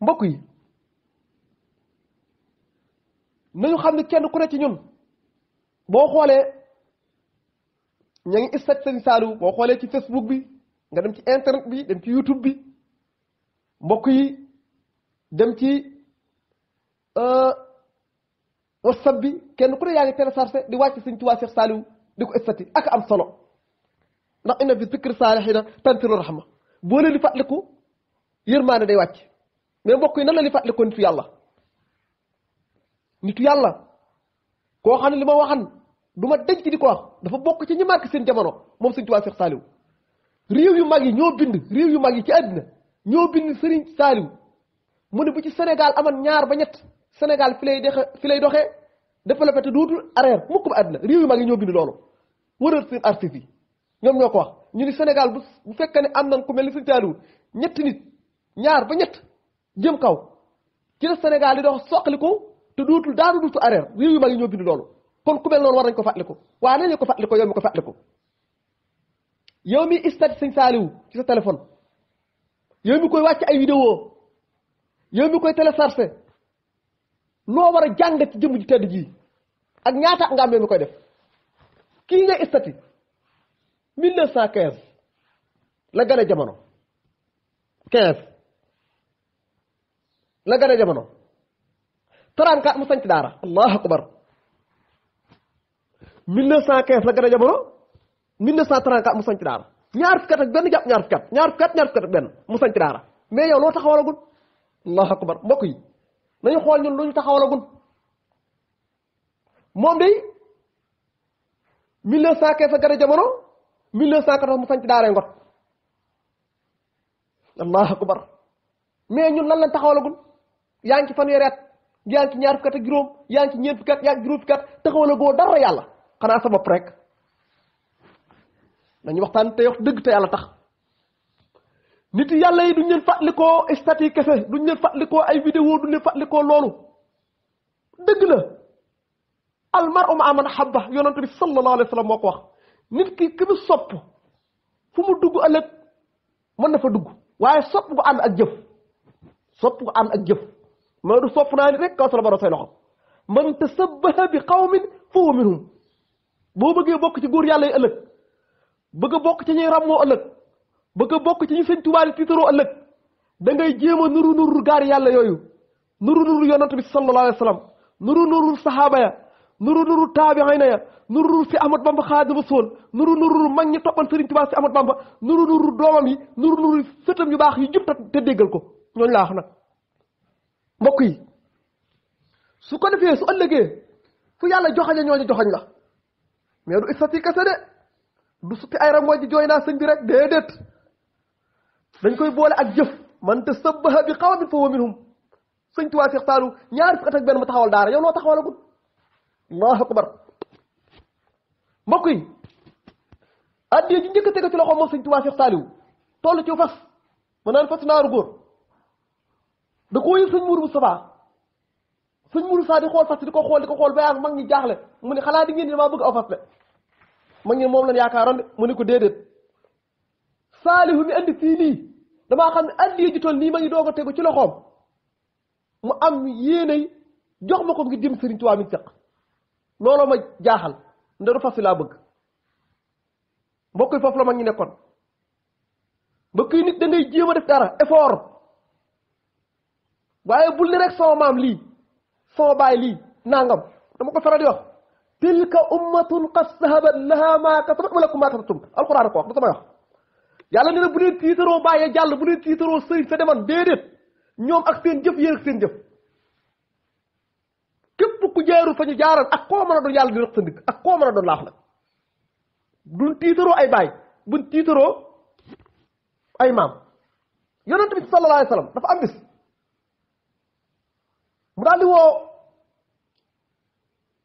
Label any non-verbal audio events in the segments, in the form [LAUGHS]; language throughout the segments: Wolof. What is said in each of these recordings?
mbokk yi nañu xam ne kenn ku ne ci ñun boo xoolee ña ngi istat sëñ Saliou boo xoolee ci Facebook bi nga dem ci internet bi dem ci YouTube bi mbokk yi dem ci euh, WhatsApp bi kenn ku ne yaa ngi téléchargé di wàcc sëñ Tuubaa Cheikh Saliou di ko istati ak am solo ndax inna fi zikri saalihiina tanzilu rahma boo leen di fàttaliku maana day wàcc mais mbokk yi nan la ñuy fàttali ko nitu yàlla nitu yàlla koo xam ne li ma waxan du ma denc di ko wax dafa bokk ci ñi marqué seen jamono moom sëñ Tuubaa Seex Saaliw réew yu mag yi ñoo bind réew yu mag yi ci àddina ñoo bind Sëriñ Saaliw mu ne bu ci Sénégal aman ñaar ba ñett Sénégal fi lay dexe lay doxee développé te dootul arrière mukk réew yu mag yi ñoo bind loolu wëral seen artiste ñoom ñoo ko wax ñu ni Sénégal bu bu fekkee ne am nañ ku mel ni Sëriñ Saaliw ñett nit ñaar ba ñett jëm kaw ci la Sénégal di dox soqaliku te dootul daanu dootul arrière réew yu mag yi ñoo bind loolu kon ku mel noonu war nañ ko fàttaliku waaye nañ la ko fàttaliku yow mi yow mi istat sëñ Saaliw ci sa téléphone yow mi koy wàcc ay vidéo yow mi koy téléchargé noo war a jàng ci jëmm ji tedd ji ak ñaata nga am yow mi koy def kii ngay istati mille neuf cent quinze la gane jamono quinze la gën a jamono 34 mu sanc daara allahu akbar 1915 la gën a jamono 1934 mu sanc daara ñaar fukki at ak benn jàpp ñaar fukki at ñaar fukki ñaar fukki at ak benn mu sanc daara mais yow loo taxawalagul allahu akbar mbokk yi nañu xool ñun lu ñu taxawalagul moom day 1915 la gën a jamono 1914 mu sanc daaray ngot allahu akbar mais ñun lan lañ taxawalagul yaa ngi ci fanweeri at yaa ngi ci ñaar fukki at ak juróom yaa ngi ci ñeent fukki at yaa ngi juróom fukki at taxawal a goo dara yàlla xanaa sa bopp rek dañuy waxtaan te wax dëgg te yàlla tax nit yàlla yi duñ leen fàttalikoo statut kese duñ leen fàttalikoo ay vidéo duñ leen fàttalikoo loolu dëgg la almaru maa man habba yonante bi sallallahu alayhi wa moo ko wax nit ki ki mu sopp fu mu dugg ëllëg mën na fa dugg waaye sopp gu ànd ak jëf sopp gu ànd ak jëf mooy du sopp naa nit rek kaw solo ba say loxo man tasabbaha bi qawmin fa huwa minhum boo bëggee bokk ci góor yàlla yi ëllëg bëgg bokk ci ñuy ràmmoo ëllëg bëgg bokk ci ñu sëñ Tuubaa di tiitaroo ëllëg da ngay jéem a nuru nuru gaar yàlla yooyu nuru nuru yonent bi sallallahu alayhi wa sallam nuru nuru sahaaba ya nuru nuru taabiina ya nuru nuru si Ahmad Bamba Xaadimu Rasuul nuru nuru mag ñi toppan Sëriñ Tuubaa si Ahmad Bamba nuru nuru doomam yi nuru nuru sëtam yu baax yi jub te déggal ko ñooñu laa wax mbokk yi su ko defee su ëllëgee fu yàlla joxañe ñooñu joxañ la mais du istati kese de du suppi ay rangooñ di jooy naa sëñ bi rek déedéet dañ koy boole ak jëf man tasabbaha bi qawmin fa huwa minhum sëñ Tuubaa Seex Saalu ñaari fukki at ak benn ma taxawal daara yow loo taxawalagul allahu akbar mbokk yi addiya ji njëkk a teg ci loxo moom sëñ Tuubaa Seex Saaliw toll ci fas ma naan fas naar góor da koo yëg sëñ Mourou Moustapha sëñ Mourou Moustapha di xool fas di ko xool di ko xool ba yàgg mag ñi jaaxle mu ne xalaat di ngeen damaa bëgg aw fas de mag ñi moom lañ yaakaaroon de mu ne ko déedéet saalihu mi andi fii nii damaa xam ne addiya ji nii ma ngi doo ko tegu ci loxoom mu am yéenay jox ma ko ngi jëm Sëriñ Tuubaa mi sëq looloo ma jaaxal ndaru fas yi laa bëgg mbokk yi foofu la mag ñi nekkoon mbokk yi nit da ngay jéem a def dara effort waaye bul ni rek sama maam lii sama baay lii nangam dama ko faral di wax tilka ummatun qad sahabat laha ma kasabat wa lakum ma kasabtum alquran ko wax du sama wax jàll bu leen tiitaroo sëriñ sa ñoom ak seen jëf yéen ak seen jëf képp ku jaaru fa ñu jaaral ak koo mën a doon yàlla di rëq sa ak koo mën a doon laax nag duñ tiitaroo ay baay bu tiitaroo ay maam yonent bi sallallahu dafa am bis daal di woo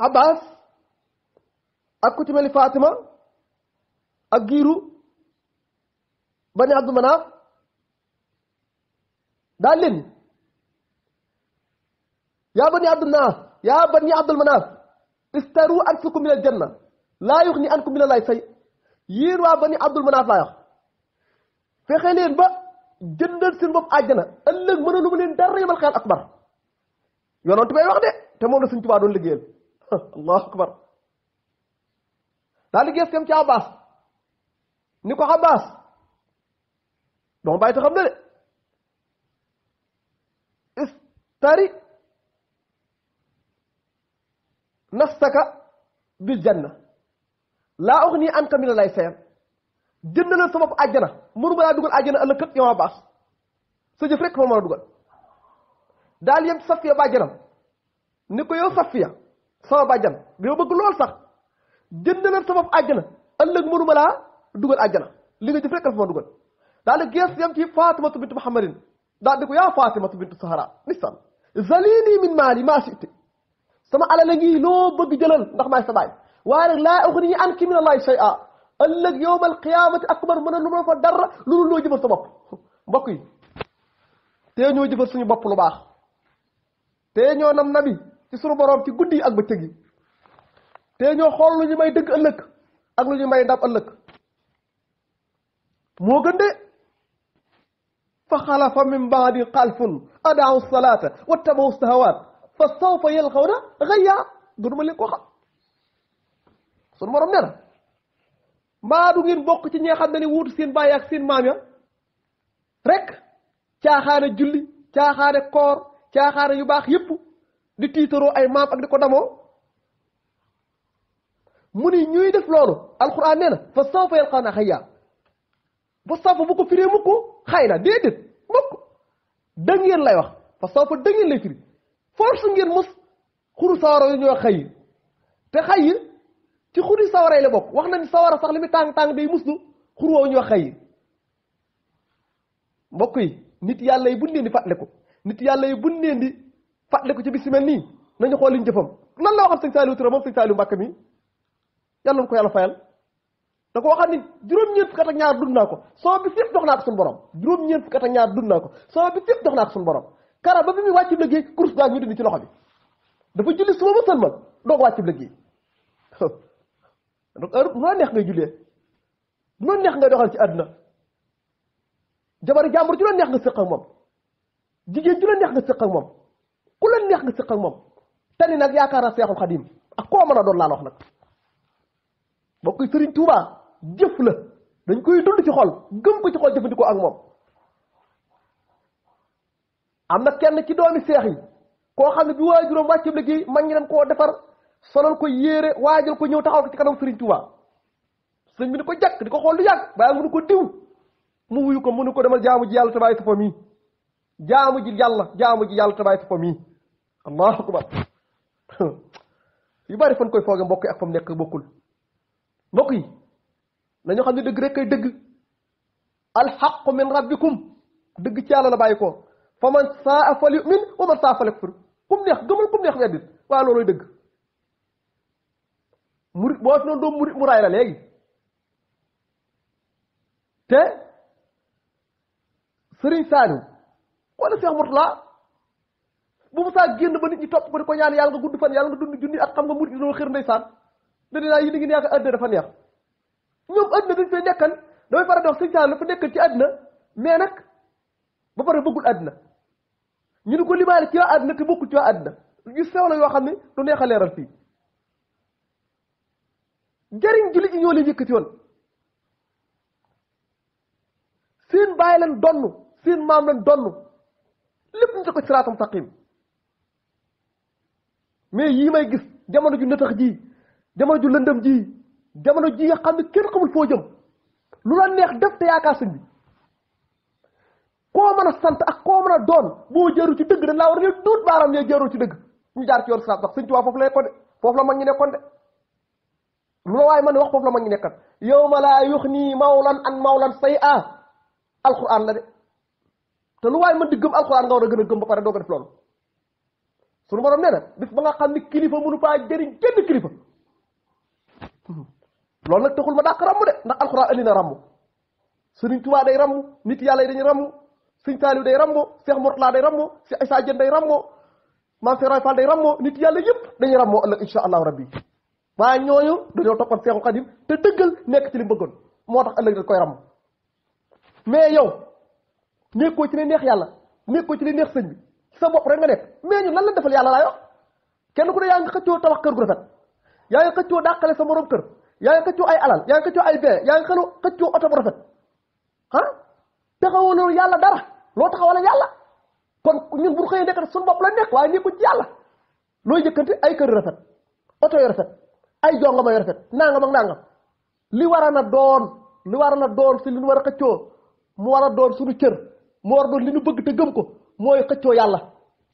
Abbas ak ku ci mel ni Fatima ak giiru bani Abdu Manaaf daal leen yaa bani Abdu Manaaf yaa bani Abdul Manaaf istaru anfusakum minal janna laa yuxni ankum minallaahi say yéen waa bani Abdul Manaaf laa wax fexe leen ba jëndal seen bopp àjjana ëllëg mënalu ma leen dara yemal xel akbar yonent bay wax de te moom la Sëñ Tuubaa doon liggéeyal [LAUGHS] allahu akbar daa liggéey kam a Abbas ni ko Abbas doom bàyyi ta xam na de istari nafsaka bil janna laa ughni anka mina lay sayan jënd na sa bopp àjjana mënu ma laa dugal àjjana ëllëg kat yow Abbas sa jëf rek moo mën dugal daal yëpp Safiya bàjjanam ni ko yow Safiya sama bàjjan bi ma bëgg lool sax jëndalal sa bopp àjjana ëllëg mënuma laa dugal àjjana li nga jëf rek dafa ma dugal daal di gees yam ci Fatimatu bintu Muhammadin daal di ko yaa Fatimatu bintu Sahara nisan zalini min maali maa si'ti sama alal a ngi loo bëgg jëlal ndax maay sa baay waaye nag laa uxni anki min allahi shay'a ëllëg yowmal qiyaamati akbar mën a lu ma fa dara loolu loo jëfal sa bopp mbokk yi tee ñoo jëfal suñu bopp lu baax te ñoo nam nabi ci sunu ci guddi ak bëccëg yi te ñoo xool lu ñu may dëgg ëllëg ak lu ñu may ndab ëllëg moo gën de fa xalafa min baadi xalfun adaau salaata wattabaw sahawaat fa sawfa yalxaw na xayyaa gënuma leen koo xam sunu boroom mbaa du ngeen bokk ci ñi xam ne ni wuutu seen bàyyi ak seen maam ya rek caaxaane julli caaxaane koor caaxaara yu baax yépp di tiitaroo ay maam ak di ko damoo mu ni ñuy def loolu alquran nee na fa sawfa yalqaana xayya fa sawfa bu ko firee mukk xay na déedéet mukk da ngeen lay wax fa sawfa da ngeen lay firi force ngeen mos xur sawara yu ñuy wax xay te xay ci xuri sawara yi la bokk wax na ni sawara sax li muy tàng-tàng day muslu xur woowu ñuy wax xay mbokk yi nit yàlla yi buñ leen di fàttaliku nit yàlla yi buñ leen di ko ci bis yu mel nii nañu xool liñ jëfam lan la waxam sëñ Saliou Touré moom sëñ Saliou Mbacké mi yàlla na ko yàlla fayal da ko waxaat ni juróom ñeen fukk ak ñaar dund naa ko soo bis yëpp dox naa ko borom juróom-ñeent fukk ak ñaar dund naa ko soo bis yëpp dox suñu borom kara ba bi muy wàcc liggéey course daal ñu dindi ci loxo bi dafa julli suba ba sëlmal doog wàcc liggéey [LAUGHS] donc heure bu neex ngay jullee bu neex ngay doxal ci àddina jabari jàmbur ci doon neex nga sëq ak moom jigéen ju la neex nga sëq ak moom ku la neex nga sëq ak moom tani nag yaakaar naa seexul xadim ak koo mën a doon laa wax nag boo koy sëriñ Tuubaa jëf la dañ koy dund ci xol gëm ko ci xol jëfandikoo ak moom am na kenn ci doomi seex yi koo xam ne bi waajuram wàcce léegi mag ñi dem koo defar solal ko yére waajal ko ñëw taxaw ko ci kanam sëriñ Tuubaa sëñ bi ni ko jàkk di ko xool lu yàgg bàyyi mu ko diw mu wuyu ko mu ni ko demal jaamu ji yàlla tabaay sa fam jaamu ji yàlla jaamu ji yàlla tabaay fa mii allahu akbar yu bari fan koy fooge mbokk yi ak fam nekk bokkul mbokk yi nañu xam ne dëgg rek kay dëgg alxaqu min rabbikum dëgg ci yàlla la bàyyi ko fa man saa fal yumin wa man saa fal yakfur kum neex gëmal kum neex weddit waaye looloy dëgg murit boo fi doo murit mu la léegi te sëriñ Saaliw wala Cheikh Mourtala bu mu saa génn ba nit ñi topp ko di ko ñaan yàlla nga gudd fan yàlla nga dund junni ak xam nga murid loolu xër ndeysaan dadi naa yi ni ngi neaka àddina dafa neex ñoom àddina dañ fay nekkan damay faral di wax dafa nekkan ci àddina mais nag ba pare bëggul àddina ñu ni ko limaale ci waa àddina te bokkul ci waa àddina yu sew la yoo xam ne du neex a leeral fii jëriñ jullit yi ñoo leen yëkkati woon seen bàyyi leen donn seen maam leen donn lépp ñu teg ko siraatal mustaqim mais yii may gis jamono ju nëtax ji jamono ju lëndëm ji jamono ji nga xam ne kenn xamul foo jëm lu la neex def te yaakaar sëñ bi koo mën a sant ak koo mën a doon boo jëru ci dëgg dañ laa war a ne duut baaraam ne ci dëgg ñu jaar ci yoon siraat ndax sëñ Tuubaa foofu la nekkoon de foofu la mag ñi nekkoon de lu la waaye man a wax foofu la mag ñi nekkoon yawma laa yuxni mawlan an mawlan say a alquran la de te lu waaye mën di gëm alxuraan nga war a gën a gëm ba pare doo ko def loolu suñu borom nee na bis ba nga xam ni kilifa mënu faa jëriñ kenn kilifa loolu nag taxul ma dàq ràmm de ndax alxuraan andi na ràmm Sëriñ Tuubaa day nit yàlla yi dañuy ràmm Sëriñ Saaliw day ràmmo Seex Murtala day ràmmo Seex Isaa Jeen day ràmmo Maam Seex Ibra Faal day ràmmo nit yàlla yëpp dañuy ràmmoo ëllëg insha allahu rabbi waaye ñooñu dañoo toppoon Seexu Xadim te dëggal nekk ci li moo tax ëllëg dañ koy ràmm yow nekkoo ci li neex yàlla ko ci li neex sëñ bi sa bopp rek nekk mais ñun lan la defal yàlla laa yor kenn ku ne yaa ngi xëccoo tabax kër gu rafet yaa ngi xëccoo dàqale sa morom kër yaa ngi xëccoo ay alal yaa ngi xëccoo ay bee yaa ngi xëccoo xëccoo oto bu rafet ah taxawaloo yàlla dara loo taxawale yàlla kon ñun bu xëyee nekk suñu bopp la nekk waaye nekkul ci yàlla looy jëkkante ay kër yu rafet oto yu rafet ay jongama yu rafet nangam ak nangam li a na doon li na doon si li ñu war a xëccoo mu war a doon suñu cër mu war doon li ñu bëgg te gëm ko mooy xëccoo yàlla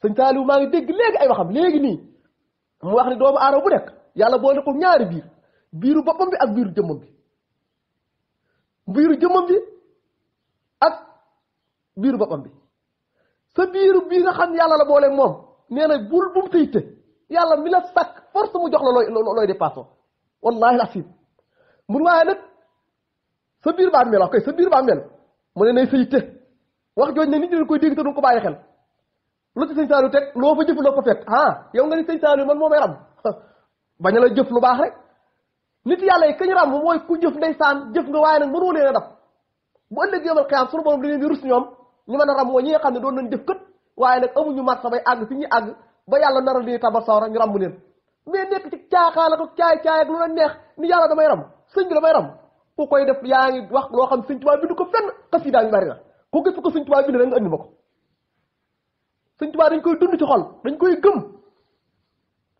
sëñ Saaliw maa ngi dégg léegi ay waxam léegi nii mu wax ni doomu aadama bu nekk yàlla boole ko ñaari biir biiru boppam bi ak biiru jëmmam bi biiru bi ak biiru boppam bi sa biiru bii nga xam yàlla la boole moom nee na bul bu mu tëyte yàlla mi la sàkk force mu jox la looy looy dépassoo wallaahi lasim mun waaye nag sa biir baa mel koy sa biir baa mel mu ne nay sëyte wax jooju ne nit ñi dañ koy dégg te du ko bàyyi xel lu ci sëñ Saliou teg loo fa jëf loo ko fekk ah yow nga ni sëñ Saliou man moo may ram [LAUGHS] bañ a la jëf lu baax rek nit yàlla yi kañ ram mooy ku jëf ndeysaan jëf nga waaye nag mënoo leen a daf bu ëllëg yëmal xiyaam suñu borom dañuy di rus ñoom ñu mën a ram mooy ñi nga xam ne doon nañ jëf kët waaye nag amuñu mat sa bay àgg fi ñuy àgg ba yàlla naral di tabar sawra ñu ràmb leen mais nekk ci caaxaan ak caay-caay ak lu la neex ni yàlla damay ram sëñ bi damay ram ku koy def yaa ngi wax loo xam sëñ Tuubaa bi ko fenn xas yi ku gis ko sëñ bi bind rek nga andi ma ko sëñ dañ koy dund ci xol dañ koy gëm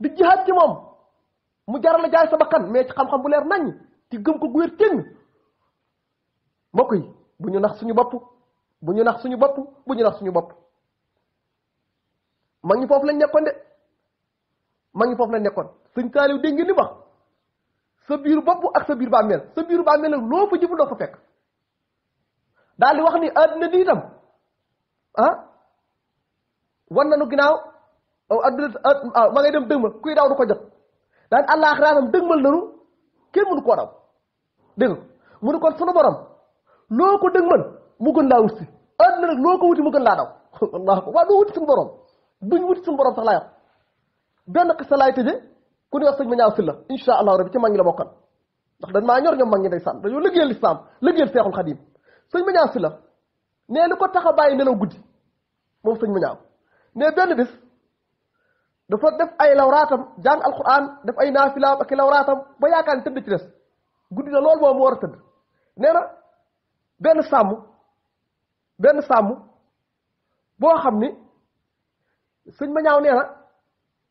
di jihaat ci moom mu jaral la jaay sa bakkan xam-xam bu leer nañ ci gëm ko gu wér cëng mbokk yi bu ñu nax suñu bopp bu ñu nax suñu bopp bu ñu nax suñu bopp mag ñi foofu lañ nekkoon de mag ñi foofu lañ nekkoon sëñ Saaliw dégg ngeen ni wax sa biir bopp ak sa biir bàmmeel sa biir bàmmeel loo fa jëfandoo fa fekk daal di wax ni àdduna bi itam ah wan nañu ginnaaw àdduna ah, ah, ma ngay dem dëgmal kuy daaw du ko jot daan àllaaxiraatam dëgmal nañu kenn mënu koo raw dégg mu ne kon sunu borom loo ko dëgmal mu gën laa wut si àdduna loo ko wuti mu gën laa daw [LAUGHS] wallaahu waaw doo wuti suñu borom duñ wuti suñu borom sax laa yor benn xisa laay tëje ku wax sëñ ma ñaaw si la incha allahu rabi ci mag bokkan ndax dañ maa ñor ñoom mag ñi day sànn dañoo liggéeyal lislaam liggéeyal seexul xadiim sëñ ma ñaaw si la nee lu ko tax a bàyyi nelaw guddi moom sëñ ma ñaaw nee benn bis dafa def ay lawraatam jàng alquran def ay naafilaam ak i lawraatam ba yaakaar ni tëdd ci des guddi na loolu moom mu war a tëdd nee na benn sàmm benn sàmm boo xam ni sëñ ma ñaaw nee na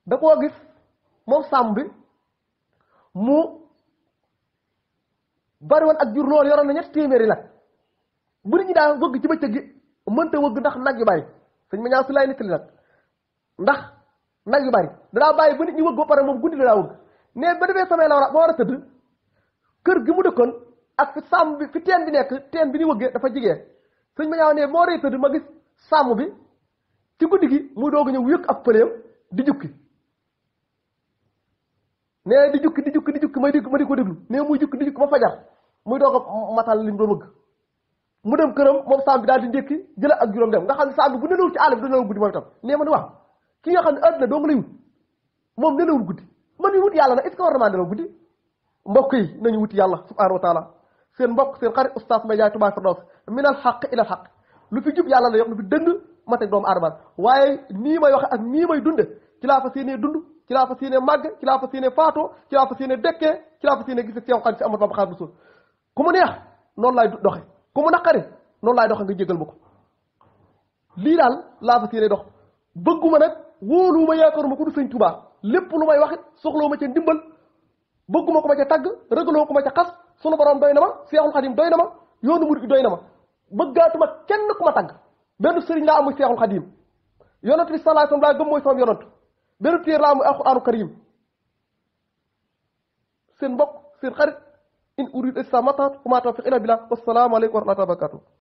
da koo gis moom sàmm bi mu bari ak jur loolu yoroon na ñetti téeméeri nag mbir ñi daa wëgg ci bëccëg gi mënta wëgg ndax nag yu bari sëñ ma ñaan su laay nettali nag ndax nag yu bari danaa bàyyi ba nit ñi wëgg ba pare moom guddi la daa wëgg ne ba defee samay la war a ba war a tëdd kër gi mu dëkkoon ak fi sàmm bi fi teen bi nekk teen bi ni wëggee dafa jigee sëñ ma nee ne moo rey tëdd ma gis sàmm bi ci guddi gi muy doog ñëw yëkk ak pëleem di jukki ne di jukki di jukki di jukki may di ma di ko déglu ne muy jukki di jukki ba fajar muy doog a matal li mu doon mu dem këram moom saam bi daal di ndékki jëla ak juróom dem nga xam ne saam bi bu nelawul ci àll bi da nelawul guddi moom itam nee ma ni waaw ki nga xam ne àddina doo nga lay moom nelawul guddi man ñu wut yàlla na est-ce que war na maa wuti yàlla subhanahu wa seen mbokk seen xarit oustaz Mbaye Ndiaye Touba Firdaws min al xaq ila al lu fi jub yàlla la yox lu fi dëng ma teg doomu aadama waaye nii may waxe ak nii may dunde ci laa fas yéenee dund ci laa fas yéenee màgg ci laa fas yéenee faatoo ci laa fas yéenee dekkee ci laa fas yéenee gise si yow xam si amat baba xaar bu suul ku mu ku mu naqari noonu laay doxee nga jégal ma ko lii daal laa fas yéene dox bëgguma nag wóoluwuma yaakaaruma ku du sëñ Tuubaa lépp lu may wax it soxlawuma ca ndimbal bëgguma ko ma ca tàgg ragaloo ko ma ca xas sunu borom doy na ma Seexul Xadim doy na ma yoonu murid gi doy na ma bëggaatuma kenn ku ma tàgg benn sëriñ laa amuy Seexul Xadim yonent bi sallallahu alayhi laa gëm mooy sama yonent benn laa amuy alquraanu karim seen mbokk seen xarit إن أريد إسلام ما وما توفيق إلا بالله والسلام عليكم ورحمة الله وبركاته